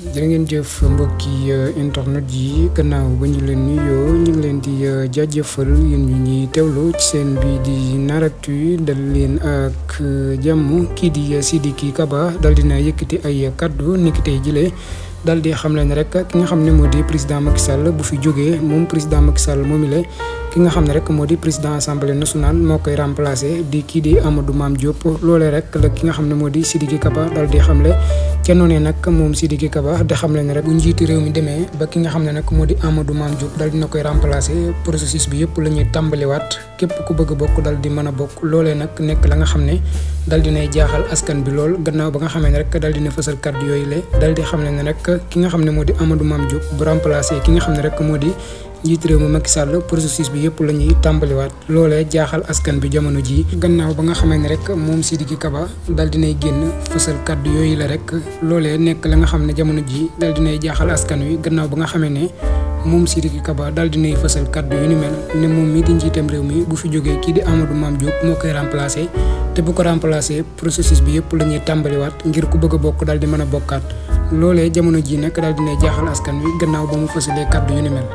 jërë ngeen jëf mbokki euh, internet yi gannaaw ba ñu leen nuyoo ñu leen di euh, jaajëfal yéen ñu ñuy teewlu ci seen bi di Naractu dal leen ak euh, jàmm kii di Sidiki Kaba dal dina yëkkati ay kaddu niki tey dal di xam leen rek ki nga xam ne moo président Macky Sall bu fi jógee mom président Macky Sall moomile ki nga xam ne rek modi di président assemblée nationale mo koy remplacer di ki di Amadou Mam Diop lolé rek la ki nga xam ne Sidiki Kaba dal di xamle ci noné nak mom Sidiki Kaba da xam leen rek bu njiti réew mi démé ba ki nga xam ne nag moo Amadou Mam Diop dal dina koy remplacer processus bi yépp lañuy ñuy wat képp ku bëgg bokk dal di mëna bokk lolé nak nek la nga xam dal dinay jaaxal askan bi lol gannaaw ba nga xamee ne rek dal dina fësal kàddu yoy lé dal di xam ne rek ki nga xamne modi di Amadou mam Diop bu remplacer ki nga xamne rek modi di rew mu Macky Sall processus bi yep lañuy tambali wat lolé jaaxal askan bi jamono ji gannaaw ba nga xamne rek mom Sidiki Kaba dal dinay genn fessel kàddu yoy la rek lolé nek la nga xamne jamono ji dal dinay jaaxal askan wi gannaaw ba nga xamne mom Sidiki Kaba dal dinay fessel kàddu yu ni mel ne mom mi di njitam rew mi bu fi jógee ki di Amadou mam Diop mo koy remplacer te bu ko remplacer processus bi yep lañuy tambali wat ngir ku bëgg dal di mëna bokkat loolee jamono ji nag daal dina jaaxal askan wi gannaaw ba mu fësalee kàddu yu ni mel.